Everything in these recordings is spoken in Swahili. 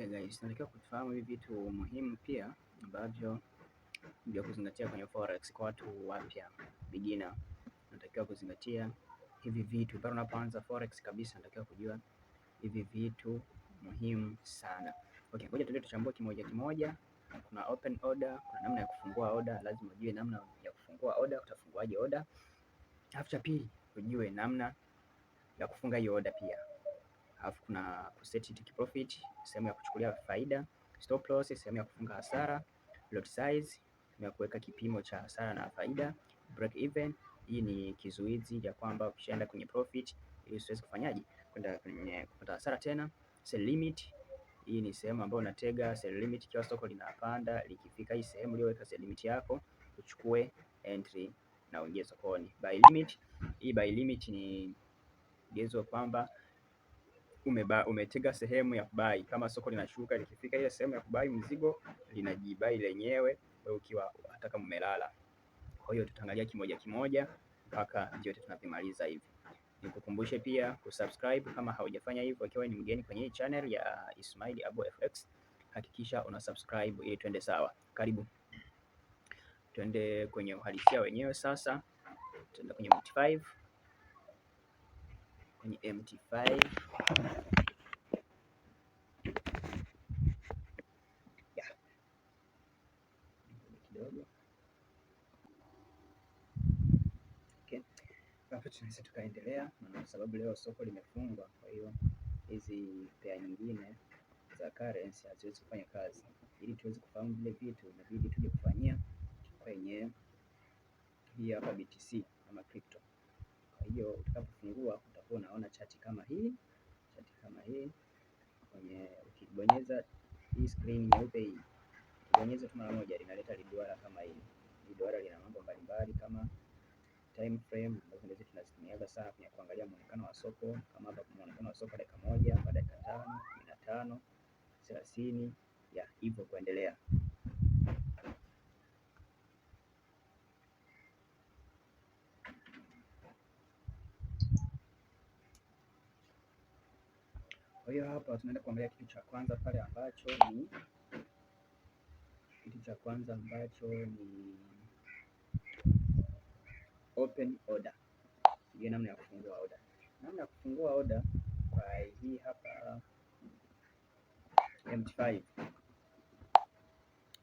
Okay guys, tunatakiwa kufahamu hivi vitu muhimu pia ambavyo vya kuzingatia kwenye forex kwa watu wapya beginner. Unatakiwa kuzingatia hivi vitu bado unapoanza forex kabisa, unatakiwa kujua hivi vitu muhimu sana. Okay, ngoja tuende tuchambue kimoja kimoja. Kuna open order, kuna namna ya kufungua order. Lazima ujue namna ya kufungua order, utafunguaje order. Alafu cha pili, ujue namna ya kufunga hiyo order pia alafu kuna kuseti take profit, sehemu ya kuchukulia faida, stop loss, sehemu ya kufunga hasara, lot size sehemu ya kuweka kipimo cha hasara na faida, break even. Hii ni kizuizi ya kwamba ukishaenda kwenye profit ili usiweze kufanyaje kwenda kwenye kupata hasara tena. Sell limit, hii ni sehemu ambayo unatega sell limit kiwa soko linapanda, likifika hii sehemu ulioweka sell limit yako uchukue entry na uingie sokoni. Buy limit, hii buy limit ni gezo kwamba umeba, umetega sehemu ya kubai. Kama soko linashuka, likifika ile sehemu ya kubai mzigo linajibai lenyewe, wewe ukiwa hata kama umelala. Kwa hiyo tutaangalia kimoja kimoja mpaka vyote tunavimaliza hivi. Nikukumbushe pia kusubscribe kama haujafanya hivyo, ikiwa ni mgeni kwenye hii channel ya Ismail Abo FX, hakikisha una subscribe ili tuende sawa. Karibu tuende kwenye uhalisia wenyewe sasa, tuende kwenye Multi 5 kwenye MT5 tunaweza tukaendelea, kwa sababu leo soko limefungwa, kwa hiyo hizi pea nyingine za currency haziwezi kufanya kazi. Ili tuweze kufahamu vile vitu, inabidi tuje kufanyia kwenye hii hapa BTC ama crypto. Kwa hiyo utakapofungua utakuwa unaona chati kama hii, chati kama hii kwenye, ukibonyeza hii screen nyeupe hii, ukibonyeza tu mara moja linaleta liduara kama hili. Liduara lina mambo mbalimbali kama time frame ambazo ndizo tunazitumia sana kwenye kuangalia muonekano wa soko, kama hapa kuna muonekano wa soko dakika moja, dakika tano, kumi na tano, thelathini ya hivyo kuendelea. Kwa hiyo hapa tunaenda kuangalia kitu cha kwanza pale ambacho ni kitu cha kwanza ambacho ni open order. Hiyo namna ya kufungua order, namna ya kufungua order kwa hii hapa MT5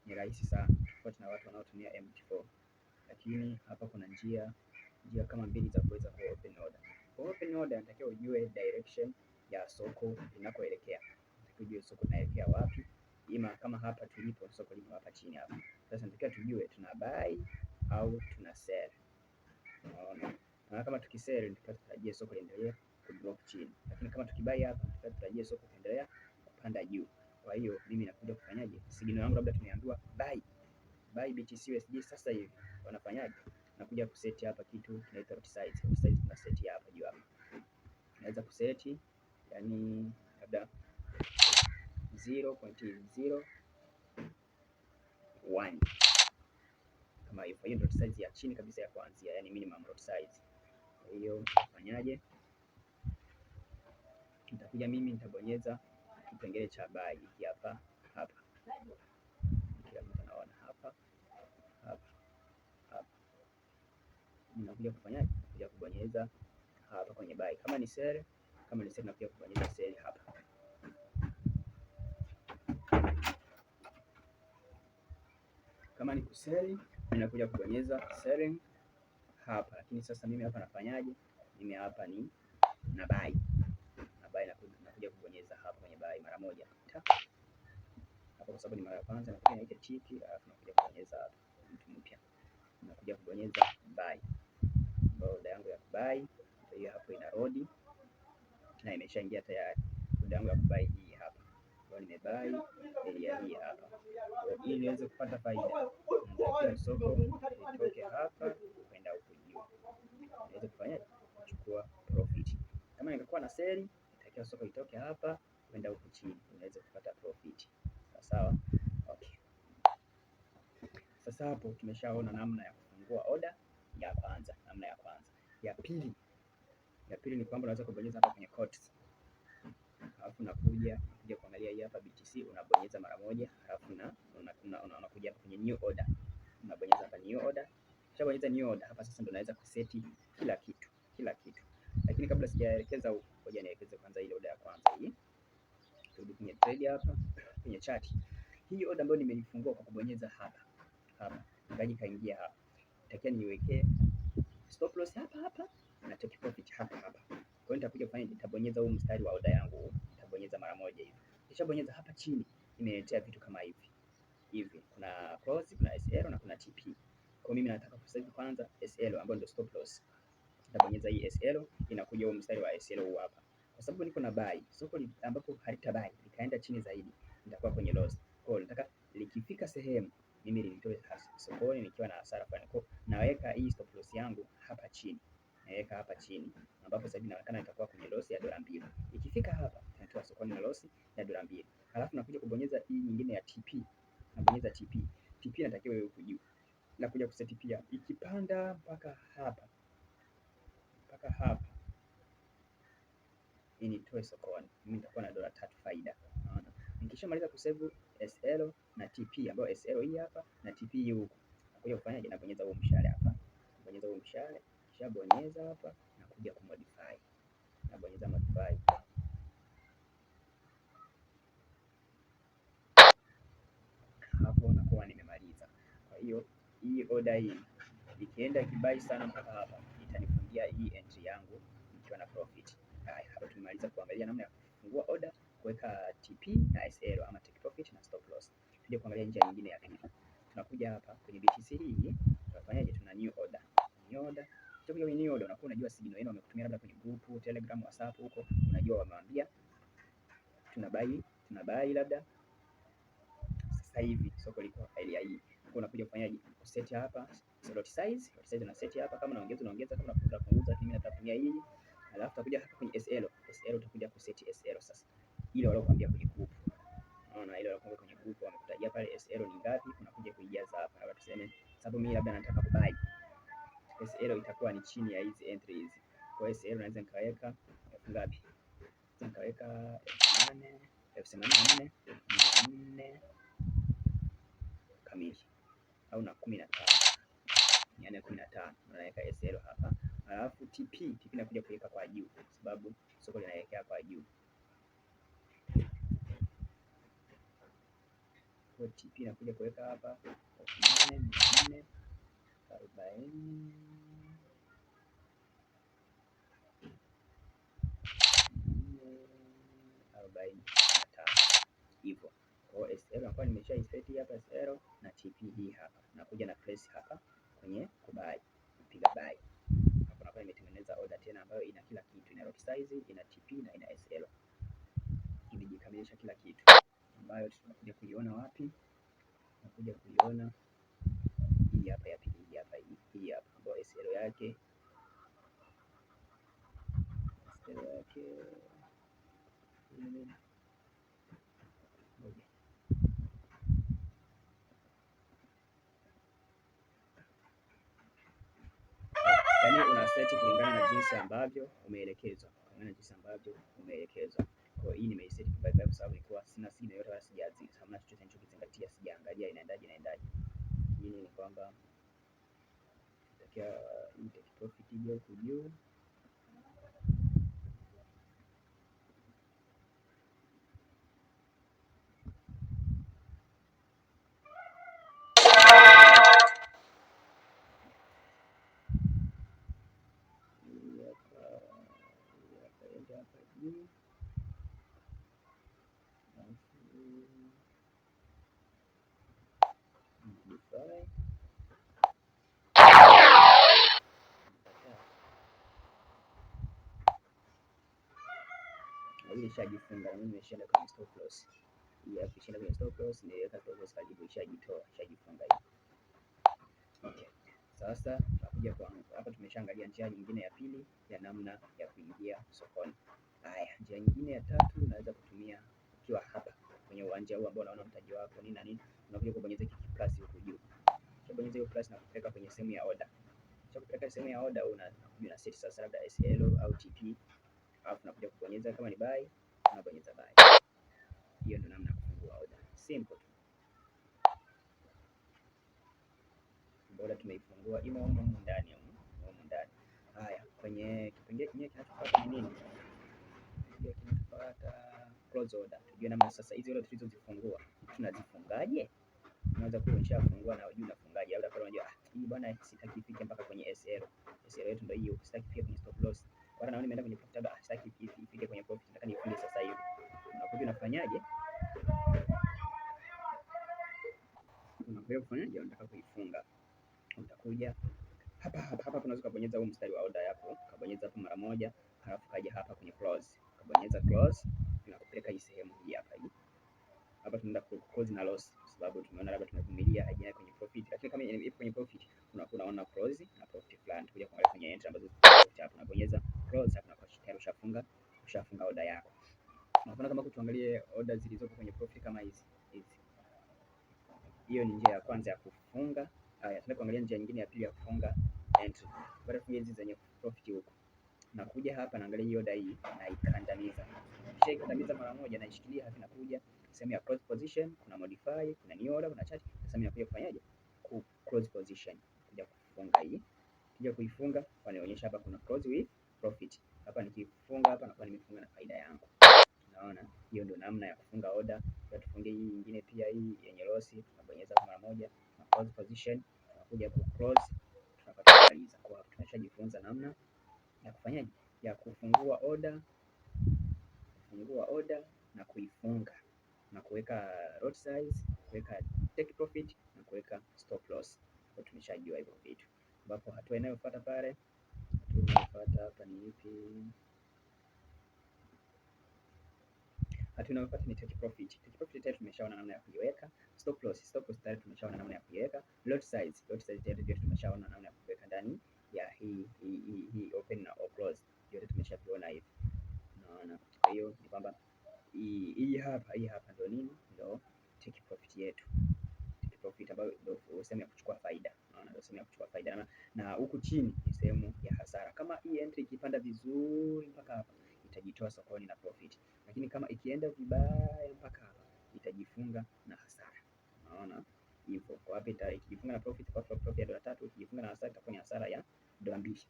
ni rahisi sana tofauti na watu wanaotumia MT4, lakini hapa kuna njia njia kama mbili za kuweza ku open order. Kwa open order, natakiwa ujue direction ya soko linakoelekea. Tujue soko linaelekea wapi, ima kama hapa tulipo soko lipo hapa chini hapa. Sasa natakiwa tujue tuna buy au tuna sell. Unaona? Na kama tukisell ndio tutarajia soko liendelee ku drop chini, lakini kama tukibai hapa tutarajia soko kuendelea kupanda juu. Kwa hiyo mimi nakuja kufanyaje? Signal yangu labda tumeambiwa buy buy BTC USD. Sasa hivi wanafanyaje? Nakuja kuseti hapa kitu kinaitwa lot size. Lot size tunaseti hapa juu hapa, naweza kuseti yani labda 0.01 kama hiyo. Kwa hiyo dot size ya chini kabisa ya kuanzia, yani minimum dot size. Kwa hiyo fanyaje? Nitakuja mimi nitabonyeza kipengele cha buy hapa hapa, kila mtu anaona hapa hapa hapa. Ninakuja kufanyaje? kubonyeza hapa kwenye buy kama ni sell kama ni seli na pia kubadilisha seli hapa. Kama ni kuseli ninakuja kubonyeza selling hapa, lakini sasa mimi hapa nafanyaje? Mimi hapa ni na buy na buy, nakuja kubonyeza hapa kwenye buy mara moja hapa, kwa sababu ni mara ya kwanza, nakuja na ile tiki, alafu nakuja kubonyeza hapa mtu mpya, nakuja kubonyeza buy, ambayo oda yangu ya buy hiyo hapo ina rodi na imeshaingia tayari. Oda yangu ya kubai hii hapa, kwa nimebai area hii hapa, ili niweze kupata faida nitakia soko itoke hapa kwenda huko juu niweze kufanya kuchukua profit. Kama ningekuwa na seli, nitakia soko itoke hapa kwenda huko chini niweze kupata profit. Sawa, okay. Sasa hapo tumeshaona namna ya kufungua oda ya kwanza, namna ya kwanza ya pili ya pili ni kwamba unaweza kubonyeza hapa kwenye codes. Alafu unakuja unakuja kuangalia hii hapa BTC unabonyeza mara moja, alafu na unakuja una, una hapa kwenye new order. Unabonyeza hapa new order. Kisha bonyeza new order hapa sasa ndio unaweza kuseti kila kitu, kila kitu. Lakini kabla sijaelekeza huko, ngoja nielekeze kwanza ile order ya kwanza hii. Turudi kwenye trade hapa kwenye chart. Hii order ambayo nimeifungua kwa kubonyeza hapa. Hapa. Ngaji kaingia hapa. Nitakia niweke stop loss hapa hapa nacho kiko hapa hapa. Kwa hiyo nitakuja kufanya nitabonyeza huu mstari wa oda yangu, nitabonyeza mara moja hivi. Kisha bonyeza hapa chini imeletea vitu kama hivi. Hivi kuna close, kuna SL na kuna TP. Kwa mimi nataka sasa hivi kwanza SL ambayo ndio stop loss. Nitabonyeza hii SL, inakuja huu mstari wa SL huu hapa. Kwa sababu niko na buy, soko ambapo halita buy likaenda chini zaidi, nitakuwa kwenye loss. Kwa hiyo nataka likifika sehemu mimi nilitoe sokoni nikiwa na hasara kwa kwa naweka hii stop loss yangu hapa chini naweka hapa chini ambapo sasa inaonekana itakuwa kwenye losi ya dola mbili. Ikifika hapa inatoa sokoni na losi ya dola mbili. alafu nakuja kubonyeza hii nyingine ya TP. Nabonyeza TP. TP inatakiwa iwe huku juu. Nakuja kusetipia ikipanda mpaka hapa. Mpaka hapa. Initoe sokoni. Mimi nitakuwa na dola tatu faida. Unaona? Nikishamaliza kusave SL na TP ambayo SL hii hapa na TP hii huku. Nakuja kufanyaje? Nabonyeza huo mshale hapa. Nabonyeza huo mshale. Nikishabonyeza hapa nakuja ku modify. Nabonyeza modify. Hapo nakuwa nimemaliza. Kwa hiyo hii order hii ikienda kibai sana mpaka hapa itanifungia hii entry yangu nikiwa na profit. Haya, tumemaliza kuangalia namna ya kufungua order, kuweka TP na SL ama take profit na stop loss. Tuje kuangalia njia nyingine ya pili. Tunakuja hapa kwenye BTC hii, tunafanyaje? Tuna new order. New order Ukitaka wenyewe ndio unakuwa unajua signal yenu wamekutumia labda kwenye group, Telegram, WhatsApp huko, unajua wamewaambia tuna buy, tuna buy labda sasa hivi soko liko hali hii. Kwa unakuja kufanyaje? Set hapa lot size, lot size na set hapa, kama unaongeza unaongeza, kama unapunguza punguza, lakini mimi natatumia hii. Alafu utakuja hapa kwenye SL, SL utakuja ku set SL sasa. Ile walokuambia kwenye group. Unaona ile walokuambia kwenye group wamekutajia pale SL ni ngapi, unakuja kuijaza hapa. Labda tuseme sababu mimi labda nataka kubai SL itakuwa ni chini ya hizi entry hizi. Kwa hiyo SL naweza nikaweka elfu ngapi? Nikaweka elfu nane elfu themanini na nne kamili au na kumi na tano mia nne kumi na tano naweka SL hapa, alafu TP TP nakuja kuweka kwa juu, kwa sababu soko linaelekea kwa juu. TP nakuja kuweka hapa elfu nane mia nne arobaini arobaini na tano hivyo. Kwa hiyo nakuwa nimesha insert hapa SL na TPE hapa, nakuja na press hapa kwenye kubai, napiga buy hapo, nakuwa nimetengeneza order tena ambayo ina kila kitu, ina lot size, ina TP na ina SL, imejikamilisha kila kitu, ambayo tunakuja kuiona wapi? Nakuja kuiona hii hapa ya pili, hii hapa, hii hapa ambayo SL yake SL yake yaani una seti kulingana na jinsi ambavyo umeelekezwa, kulingana na jinsi ambavyo umeelekezwa. Kwa hii nimeiseti kwa sababu nilikuwa sina sina yote wala sijazi, hamna chochote nilichokizingatia, sijaangalia inaendaje inaendaje nyingine ni kwamba profit juu juu Ishajifunga mimi nimeshaenda kwenye stop loss, kishaenda kwenye stop loss niweka stop loss karibu, ishajitoa ishajifunga hivi. sasa tunakuja kwa hapa, tumeshaangalia njia nyingine ya pili ya namna ya kuingia sokoni. Haya, njia nyingine ya tatu unaweza kutumia ukiwa hapa kwenye uwanja huu ambao unaona mtaji wako nini na nini, unakuja kubonyeza hiki plus huku juu utabonyeza hiyo plus na kupeleka kwenye sehemu ya order. Kisha kupeleka sehemu ya order, una una set sasa, labda SL au TP, alafu unakuja kubonyeza, kama ni buy unabonyeza buy. Hiyo ndio namna ya kufungua order, simple Bora tumeifungua imo huko ndani, huko ndani. Haya, kwenye kipengele kingine kinachofuata ni nini? Kinachofuata close order. Tujue namna sasa hizi order tulizozifungua tunazifungaje? unaweza kuwa umeshafungua na hujui unafungaje, labda pale unajua ah, hii bwana, sitaki ifike mpaka kwenye SL. SL yetu ndio hiyo, sitaki ifike kwenye stop loss, bwana, naona nimeenda kwenye profit, labda ah, sitaki ifike kwenye profit, nataka nifunge sasa hivi. Unakuja unafanyaje? Unakuja kufanyaje? Unataka kuifunga, utakuja hapa hapa hapa, unaweza kubonyeza huu mstari wa order yako, kabonyeza hapo mara moja, halafu kaja hapa kwenye close, kabonyeza close, inakupeleka hii sehemu hii hapa hii hapa, tunaenda close na loss sababu tumeona labda tumevumilia haijaenda kwenye profit, lakini kama ipo kwenye profit unaona close na profit plan, tunakuja kuangalia kwenye entry ambazo hapo unabonyeza close, na kwa hapo unakuwa ushafunga ushafunga order yako. Unaona kama kutuangalie order zilizopo kwenye profit kama hizi hizi, hiyo ni njia ya kwanza ya kufunga. Haya, tunataka kuangalia njia nyingine ya pili ya kufunga entry. Baada ya hizi zenye profit huko nakuja hapa naangalia hiyo order hii na ikandamiza, kisha ikandamiza mara moja, naishikilia hapa, nakuja sehemu ya close position kuna modify, kuna new order, kuna chart. Sasa mimi nakuja kufanyaje? Ku close position. Kuja kufunga hii. Kuja kuifunga wanaonyesha hapa kuna close with profit. Hapa nikifunga hapa nakuwa nimefunga na faida yangu. Unaona? Hiyo ndio namna ya kufunga order. Kwa tufunge hii nyingine pia hii yenye loss, tunabonyeza mara moja na close position, tunakuja ku close, tunapata kumaliza. Kwa hapo tumeshajifunza namna ya kufanyaje? Ya kufungua order, kufungua order na kuifunga na kuweka lot size, kuweka take profit na kuweka stop loss. Kwa tumeshajua hivyo vitu, ambapo hatua inayofuata pale tunafuata hapa ni ipi? Hatua inayofuata ni take profit. Take profit tayari tumeshaona namna ya kuiweka. Stop loss, stop loss tayari tumeshaona namna ya kuiweka. Lot size, lot size tayari pia tumeshaona namna ya kuiweka ndani ya hii hii hii open na close, yote tumeshaviona hivi, naona. Kwa hiyo ni kwamba hii hapa, hii hapa ndio nini, ndio take profit yetu, take profit ambayo ndio sehemu ya kuchukua faida. Unaona, ndio sehemu ya kuchukua faida, na huku chini ni sehemu ya hasara. Kama hii entry ikipanda vizuri mpaka hapa itajitoa sokoni na profit, lakini kama ikienda vibaya mpaka hapa itajifunga na hasara. Unaona hivyo, kwa wapi ikijifunga na profit, kwa profit ya dola tatu, ikijifunga na hasara itakuwa ni hasara ya dola mbili,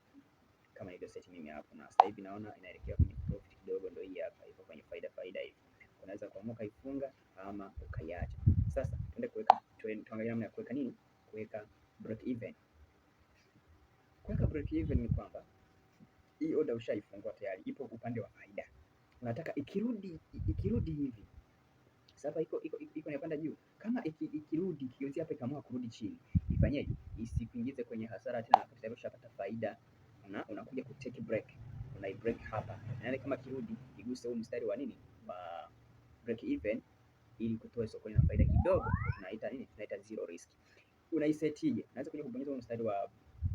kama ilivyo set mimi hapo, na sasa hivi naona inaelekea kwenye profit kidogo, ndio hii hapa, iko kwenye faida faida hivi. Unaweza kuamua kaifunga ama ukaiacha. Sasa tuende kuweka, tuangalie namna ya kuweka nini, kuweka break even. Kuweka break even ni kwamba hii order ushaifungua tayari, ipo upande wa faida, unataka ikirudi, ikirudi hivi sasa iko iko iko inapanda juu. Kama ikirudi iki kionzi hapa ikaamua kurudi chini, ifanyeje? Isikuingize kwenye hasara tena, kwa sababu ushapata faida, na unakuja ku take break na i break hapa, yani kama kirudi iguse huu mstari wa nini wa break even, ili kutoa sokoni na faida kidogo, tunaita nini? Tunaita zero risk. Unaisetije? Unaweza kuja kubonyeza huu mstari wa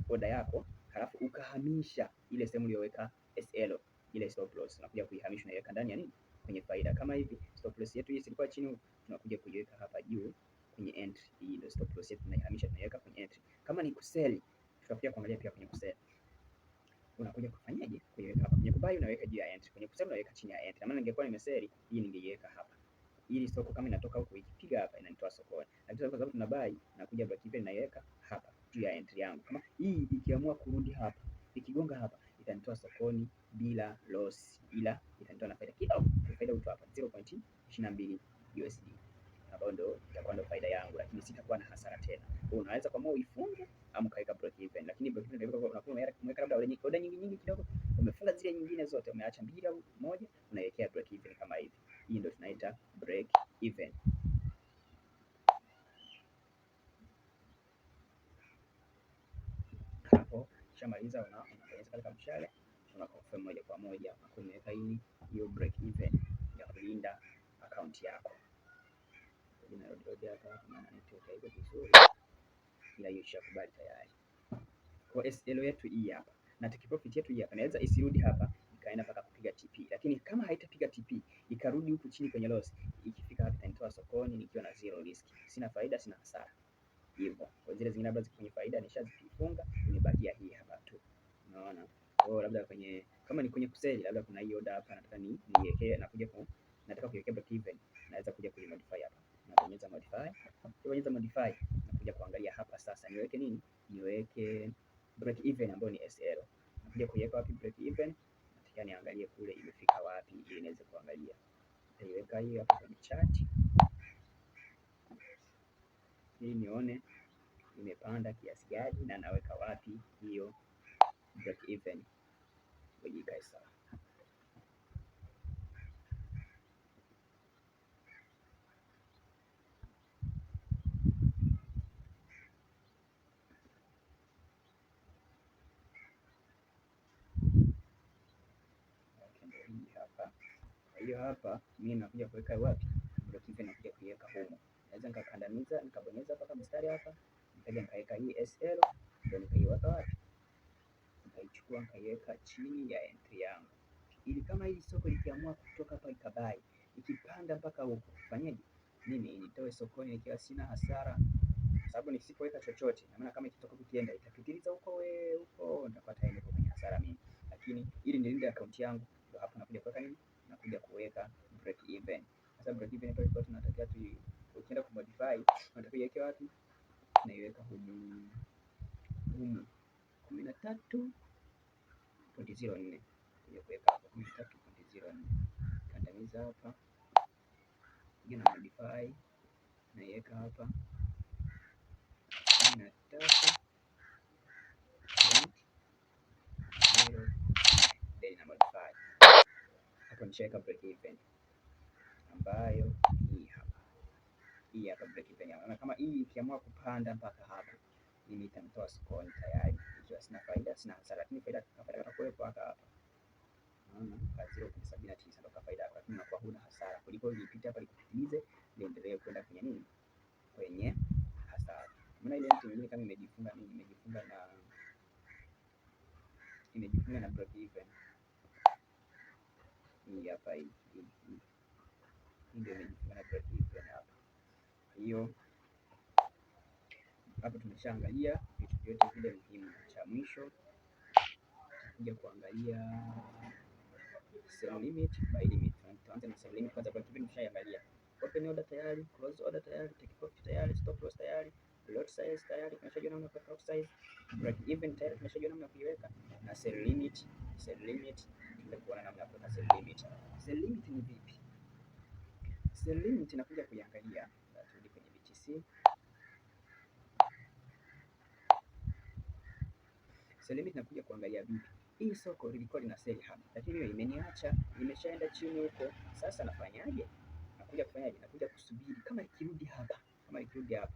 oda yako, halafu ukahamisha ile sehemu uliyoweka SL, ile stop loss, unakuja kuihamisha unaiweka ndani ya nini, kwenye faida. Kama hivi stop loss yetu hii ilikuwa chini, tunakuja kuiweka hapa juu kwenye entry. Hii ndio stop loss yetu, tunaihamisha tunaiweka kwenye entry. Kama ni kuseli, tutakuja kuangalia pia kwenye kuseli unakuja kufanyaje kuiweka hapa kwenye kubai, unaweka juu ya enter. kwenye kusell unaweka chini ya enter. Na maana ningekuwa nimeseli hii, ningeiweka hapa ili soko kama inatoka huko ikipiga hapa inanitoa sokoni, lakini kwa sababu tuna buy na kuja block hivi, naiweka hapa juu ya entry yangu. Kama hii ikiamua kurudi hapa, ikigonga hapa, itanitoa sokoni bila loss, ila itanitoa na faida kidogo. Faida utu hapa 0.22 USD ambayo ndio itakuwa ndio faida yangu, lakini sitakuwa na hasara tena. Kwa unaweza kwa moyo uifunge au kaweka break even, lakini break even ndio unakuwa umeweka labda order nyingi nyingi nyingi kidogo, umefunga zile nyingine zote, umeacha mbili au moja, unaelekea break even kama hivi. Hii ndio tunaita break even. Hapo shamaliza, unabonyeza katika mshale, unakonfirm moja kwa moja, unakuwa umeweka hii hiyo break even ya kulinda akaunti yako kinarojrojea kama kuna network haiko vizuri, ila hiyo ishakubali tayari. Kwa SL yetu hii hapa na take profit yetu hii hapa, naweza isirudi hapa ikaenda mpaka kupiga TP, lakini kama haitapiga TP ikarudi huku chini kwenye loss, ikifika hapa itanitoa sokoni nikiwa na zero risk, sina faida, sina hasara hivyo. Kwa zile zingine labda zikifanya faida nishazifunga, nimebakia hii hapa tu, unaona Oh, labda kwenye kama ni kwenye kuseli labda kuna hiyo order hapa nataka niwekee, nakuja nataka kuiwekea break even, naweza kuja kuimodify hapa nabonyeza modify. Nabonyeza modify, nakuja kuangalia hapa sasa niweke nini? Niweke break even ambayo ni SL. Nakuja kuiweka wapi break even? Nataka niangalie kule imefika wapi ili niweze kuangalia. Naiweka hii hapa kwenye chart ili nione imepanda kiasi gani na naweka wapi hiyo break even. Sawa. hiyo hapa mimi nakuja kuweka wapi? Hivyo nakuja kuiweka humo, naweza nikakandamiza nikabonyeza mpaka mstari hapa, nikaja nikaweka hii SL, ndio nikaiweka wapi? Nikaichukua nikaiweka chini ya entry yangu, ili kama hii soko ikiamua kutoka hapa ikabai, ikipanda mpaka huko fanyaje? Mimi nitoe sokoni nikiwa sina hasara, sababu nisipoweka chochote, na maana kama ikitoka kikienda itapitiliza huko we huko, nitapata ile kwenye hasara mimi, lakini ili nilinde akaunti yangu, ndio hapo nakuja kuweka nini kuja kuweka break even. Sasa break even hapa tulikuwa tunatakiwa tu, ukienda ku modify unatakiwa iweke wapi? Tunaiweka humu humu 13.04 kuja kuweka hapo 13.04, kandamiza hapa, ngine na modify naiweka hapa kumi na tatu na modify hapa nishaweka break even ambayo hii hapa, hii hapa break even yao. Na kama hii ikiamua kupanda mpaka hapa, mimi nitamtoa scorn tayari, ikiwa sina faida, sina hasara, lakini faida faida itakayokuwepo hapa hapa sabini na tisa ndio faida yako, lakini unakuwa huna hasara kuliko ilipita hapa ikupitilize, niendelee kwenda kwenye nini, kwenye hasara. Maana ile mtu mwingine kama imejifunga, nimejifunga na imejifunga na break even hii hapa hii ndio imejifunga graduation hapa. Hiyo hapa tumeshaangalia vitu vyote vile muhimu. Cha mwisho kuja kuangalia sell limit, buy limit. Tuanze na sell limit kwanza, kwa kipi tumeshaangalia Open order tayari, close order tayari, take profit tayari, stop loss tayari, lot size tayari tunashajua namna ya break even tayari tunashajua namna ya kuiweka na sell limit, sell limit tunakuja kuona namna ya kuweka sell limit. Sell limit ni vipi? Sell limit inakuja kuiangalia, turudi kwenye BTC. Sell limit inakuja kuangalia vipi? Hii soko lilikuwa lina sell hapa, lakini hiyo imeniacha, imeshaenda chini huko. Sasa nafanyaje? Nakuja kufanyaje? Nakuja kusubiri kama ikirudi hapa, kama ikirudi hapa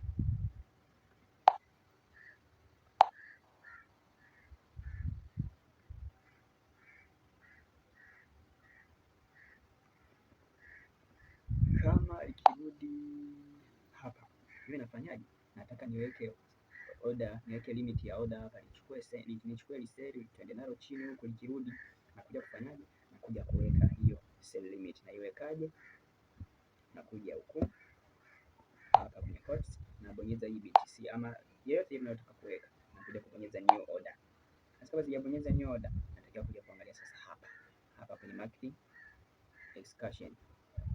kama ikirudi hapa mimi nafanyaje? Nataka niweke order, niweke limit ya order hapa, nichukue send, nichukue liseli, tuende nalo chini huko, likirudi nakuja kufanyaje? Nakuja kuweka hiyo sell limit. Naiwekaje? Nakuja huku hapa kwenye quotes na bonyeza hii BTC ama yeyote ile unayotaka kuweka, nakuja kubonyeza new order. Sasa basi jabonyeza new order, natakiwa kuja kuangalia sasa hapa hapa kwenye marketing excursion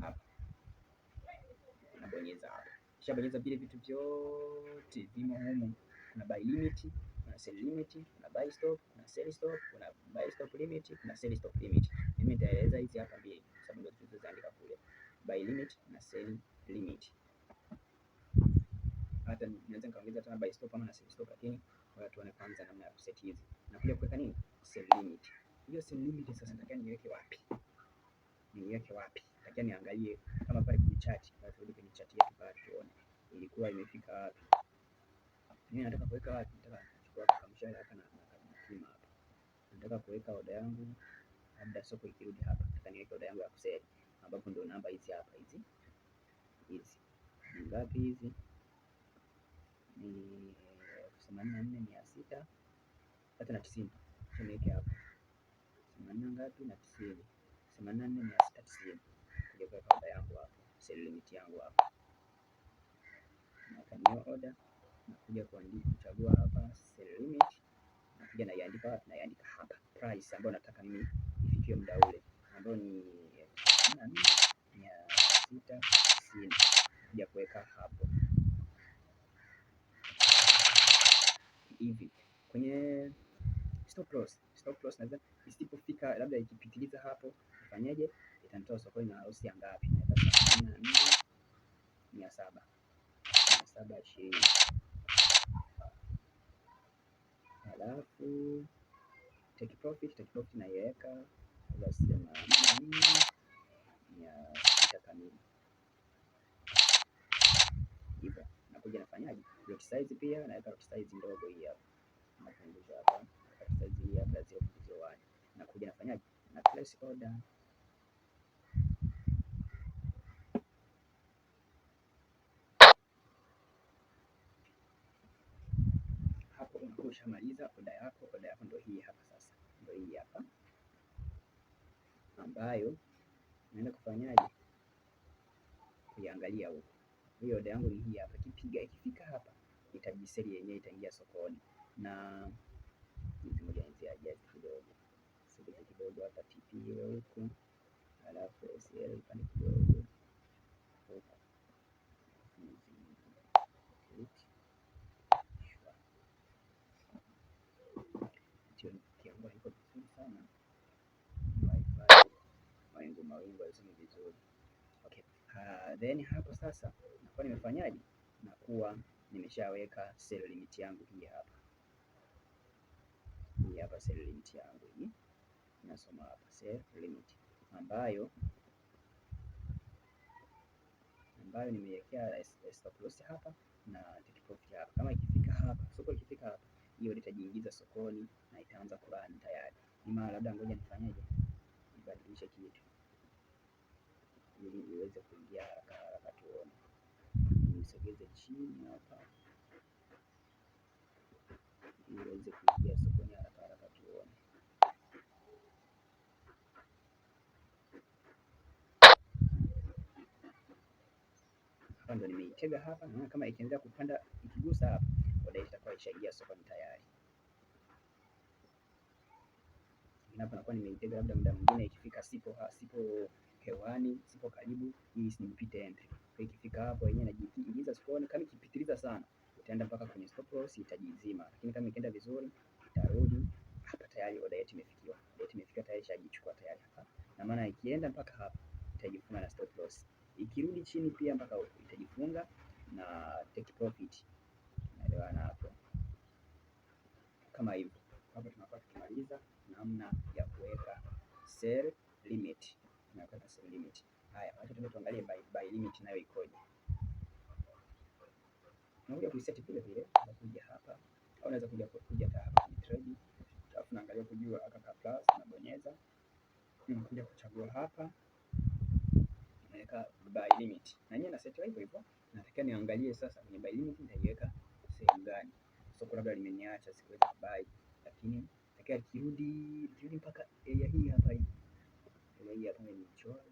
hapa unabonyeza hapo. bonyeza vile vitu vyote vimo humu, kuna buy limit, kuna sell limit, kuna buy stop, kuna sell stop, kuna buy stop limit, kuna sell stop limit. Mimi nitaeleza hizi hapa mbili sababu ndio tulizoziandika kule. Buy limit na sell limit. Hata naweza nikaongeza tena buy stop ama na sell stop, lakini wala tuone kwanza namna ya kuset hizi. Na kuja kuweka nini? Sell limit. Hiyo sell limit sasa nataka niweke wapi? Niweke wapi? Takia niangalie kama pale kwenye chati, basi turudi kwenye chati yetu pale tuone ilikuwa imefika wapi. Mimi nataka kuweka wapi? Nataka kuchukua kamshale hapa na kama hapa. Nataka kuweka oda yangu, labda soko ikirudi hapa, nataka niweke oda yangu ya kuseli, ambapo ndio namba hizi hapa hizi. Hizi. Ni ngapi hizi? Ni elfu themanini na nne mia sita hata na tisini. Niweke hapa. Themanini ngapi na tisini? Themanini na nne mia sita tisini ningeweka kamba yangu hapa, sell limit yangu hapa, nafanyia order, nakuja kuandika, kuchagua hapa sell limit, nakuja naiandika Naiandika hapa price ambayo nataka mimi ifikie muda ule ambayo ni elfu na nne mia sita tisini kuja kuweka hapo hivi kwenye stop loss stop loss nadhani isipofika labda ikipitiliza hapo ifanyeje, itanitoa sokoni na loss ya ngapi? na nne mia saba mia saba ishirini halafu take profit, take profit naiweka sema mia sita kamili hivyo, nakuja nafanyaje lot size pia naweka lot size ndogo hii hapa, napunguza hapa tutaizuia Brazil kupitia wale na kuja nafanyaje na place order hapo, unakuwa ushamaliza oda yako. Oda yako ndio hii hapa sasa, ndio hii hapa ambayo naenda kufanyaje kuiangalia huko. Hiyo oda yangu ni hii hapa, kipiga ikifika hapa itajiseli yenyewe, itaingia sokoni na moja inzia jet kidogo, subiri kidogo hata TP iwe huku, alafu ACL ipande kidogo mawingu mawingu alisema then hapo sasa nakuwa nimefanyaje? Nakuwa nimeshaweka sell limit yangu hii hapa hii hapa cell limit yangu hii, nasoma hapa cell limit ambayo ambayo nimeiwekea stop loss hapa na take profit hapa. Kama ikifika hapa soko, ikifika hapa hiyo itajiingiza sokoni na itaanza kurani tayari. Ni labda, ngoja nifanyeje, nibadilishe kitu ili iweze kuingia haraka haraka, tuone. Nisogeze chini hapa iweze kuingia hapa ndo nimeitega hapa, naona kama ikiendelea kupanda ikigusa hapa oda itakuwa ishaingia sokoni tayari. Hapa nakuwa nimeitega, labda muda mwingine ikifika sipo ah, sipo hewani sipo karibu, hii isinipite entry. Kwa ikifika hapo yenyewe inajiingiza sokoni, kama ikipitiliza sana itaenda mpaka kwenye stop loss itajizima, lakini kama ikienda vizuri itarudi hapa tayari, oda yetu imefikiwa. Oda yetu imefika tayari, ishajichukua tayari hapa, na maana ikienda mpaka hapa itajifunga na stop loss ikirudi chini pia mpaka itajifunga na take profit. Naelewana hapo, kama hivyo hapo tunakuwa tukimaliza namna ya kuweka sell limit. Tunaweka sell limit. Haya, wacha tuende tuangalie buy, buy limit nayo ikoje. Unakuja kuiset vile vile, unakuja hapa au unaweza kuja kuja hapa ni trade, alafu naangalia kujua aka ka plus, unabonyeza unakuja kuchagua hapa naweka buy limit. Na yeye anasetiwa hivyo hivyo. Nataka niangalie sasa kwenye buy limit nitaiweka sehemu gani. Soko labda limeniacha sikuweza kubai, lakini nataka kirudi kirudi mpaka area hii hapa hii. Area hii hapa ni mchoro.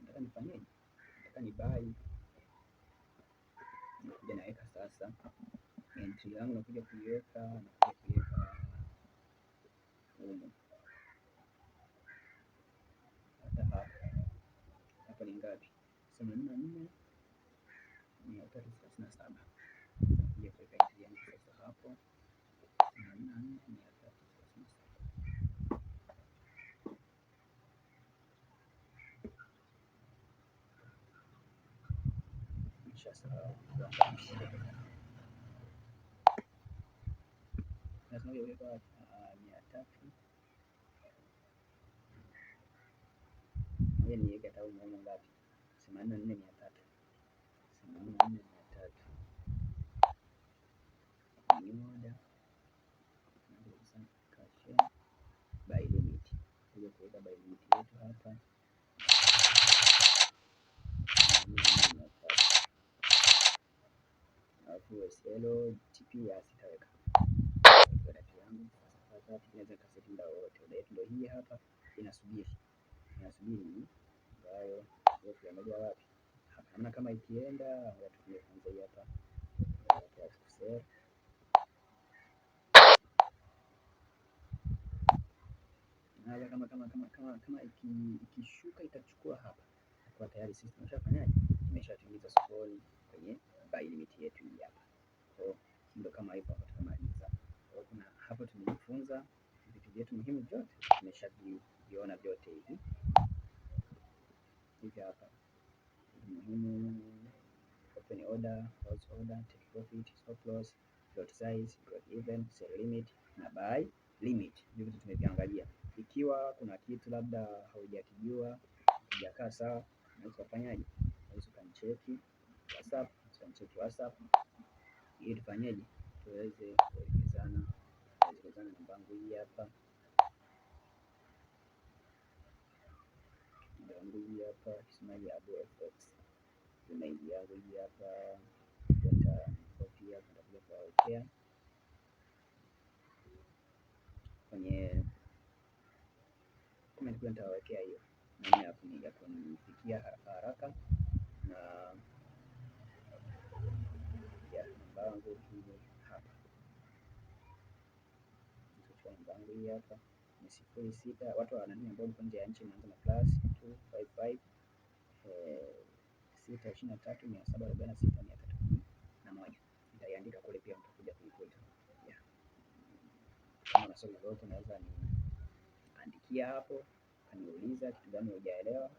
Nataka nifanyeje? Nataka ni sasa entry yangu nakuja kuiweka nakuja kuiweka humu hata hapa hapa ni ngapi? themanini na nne mia tatu thelathini na saba nakuja kuweka entry yangu sasa hapo themanini na nne mia tatu thelathini na saba Just, weka uh, mia tatu moja niweke hata umeona ngapi? themanini na nne mia tatu themanini na nne mia tatu ni moja kashe by limit, kuja kuweka by limit yetu hapa alafu selo tp ya sitaweka yangu saa tatu niweze kaseti muda wowote. Ndio hii hapa inasubiri inasubiri hii ambayo tunaangalia wapi hapa, namna kama ikienda tuanze hii hapa kama kama kama kama kama ikishuka itachukua hapa, kwa tayari sisi tumeshafanyaje, tumeshatumia viona vyote hivi hivi hapa, open order, close order, take profit, stop loss, lot size, break even, sell limit na buy limit. Hivi vitu tumeviangalia. Ikiwa kuna kitu labda haujakijua hujakaa sawa, unaweza kufanyaje? Unaweza kanicheki WhatsApp, kanicheki WhatsApp ili tufanyeje, tuweze kuelekezana. Kuelekezana namba yangu hii hapa. yangu hapa kisima ya fx tuna hii yangu hii hapa kwa kwa kuwawekea kwenye comment, nitawawekea hiyo namna ya kunija kunifikia haraka haraka na ya mbangu hii hapa mbangu hii hapa ni sifuri sita. Watu wa nani ambao mko nje ya nchi naanza na plus 255 eh, sita ishirini na tatu mia saba arobaini na sita mia tatu kumi na moja. Nitaiandika kule pia mtakuja kuikuta. Kama na swali lolote unaweza niandikia hapo, kaniuliza kitu gani hujaelewa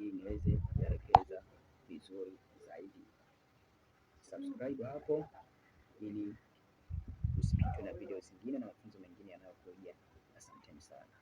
ili niweze kuelekeza vizuri zaidi. Subscribe hapo ili usipitwe na video zingine na mafunzo mengine yanayokuja. use that.